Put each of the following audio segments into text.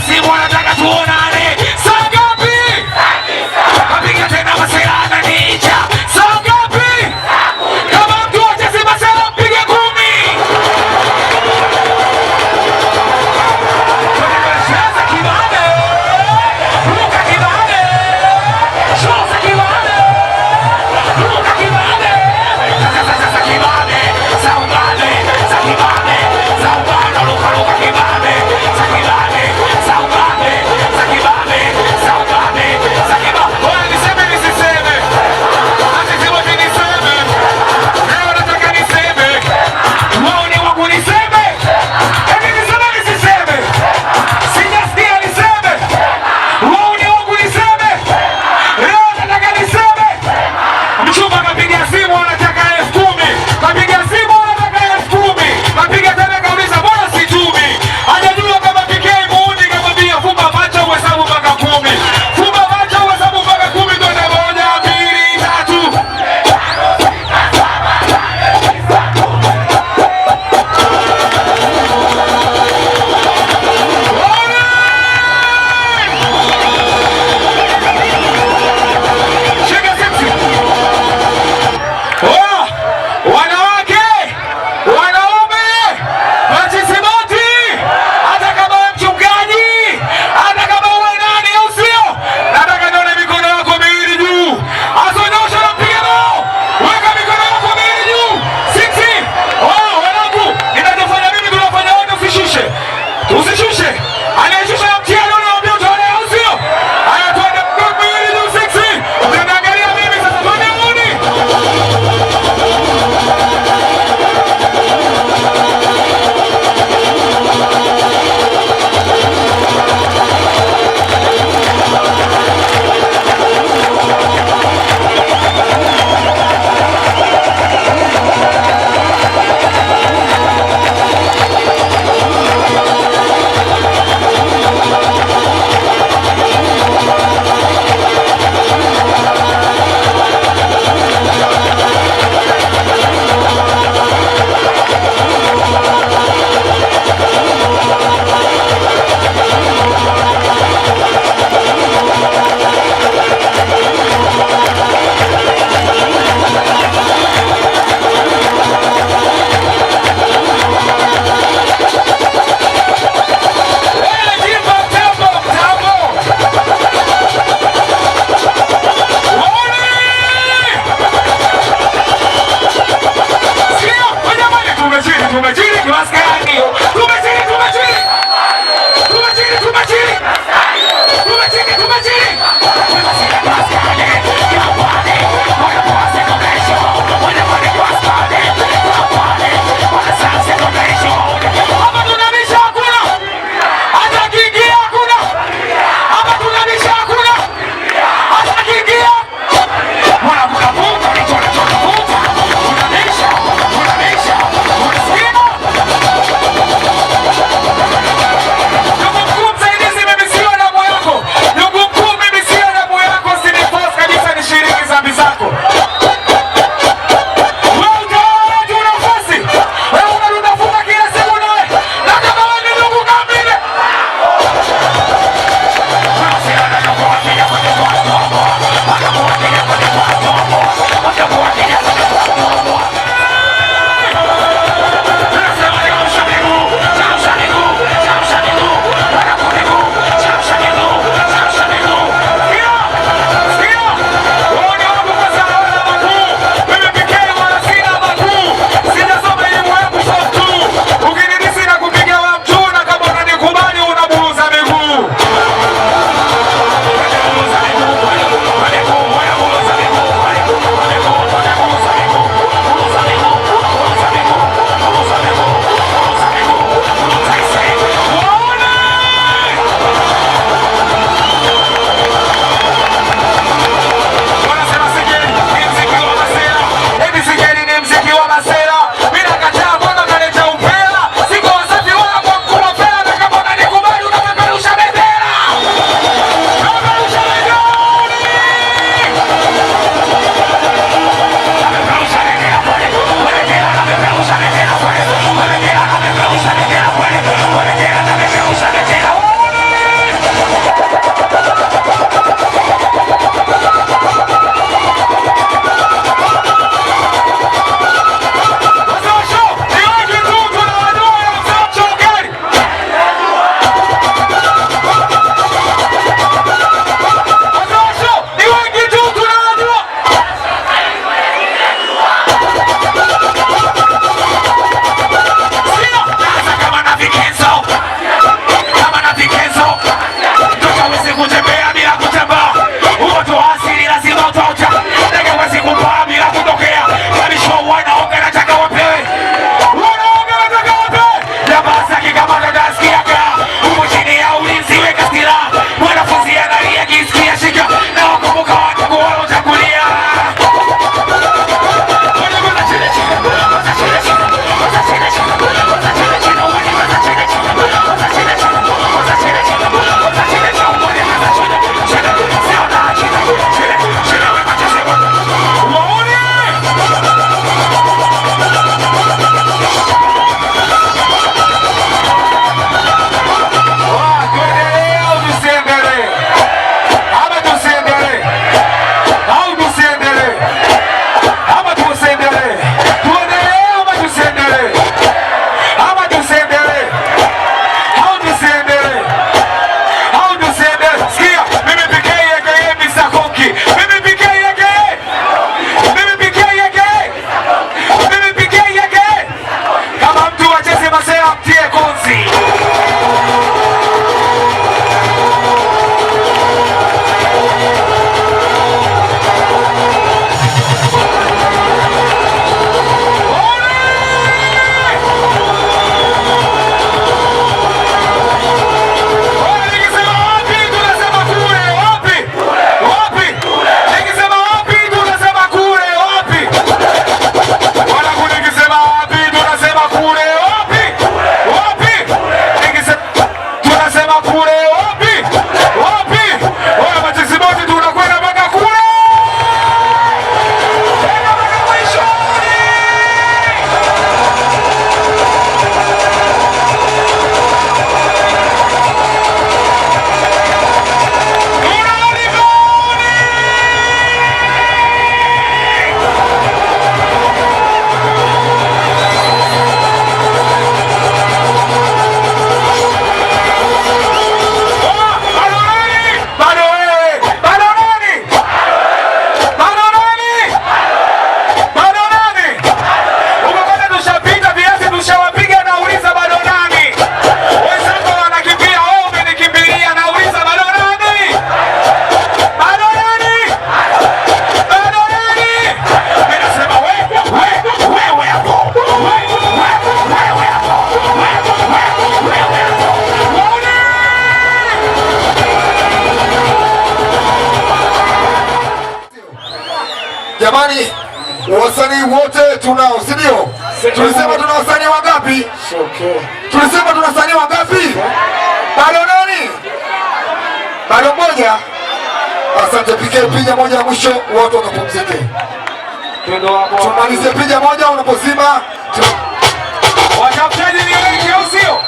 cima, a joga tudo! tunao, si ndio? Tulisema tuna wasanii wangapi? Tulisema tuna wasanii wangapi? Bado nani? Bado moja. Asante. Pige pija moja ya mwisho, watu wakapumzike. Tumalize pija moja unapozima. Watafutaji ni wengi au sio?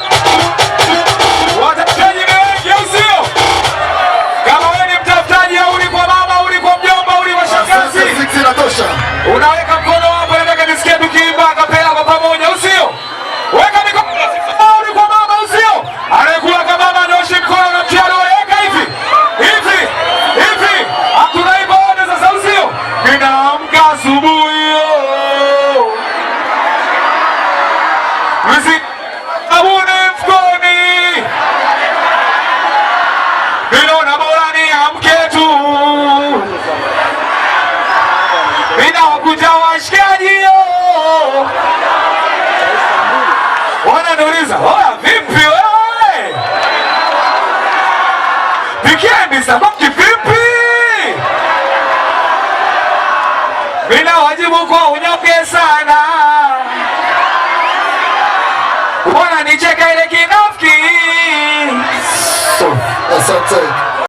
Kanisa.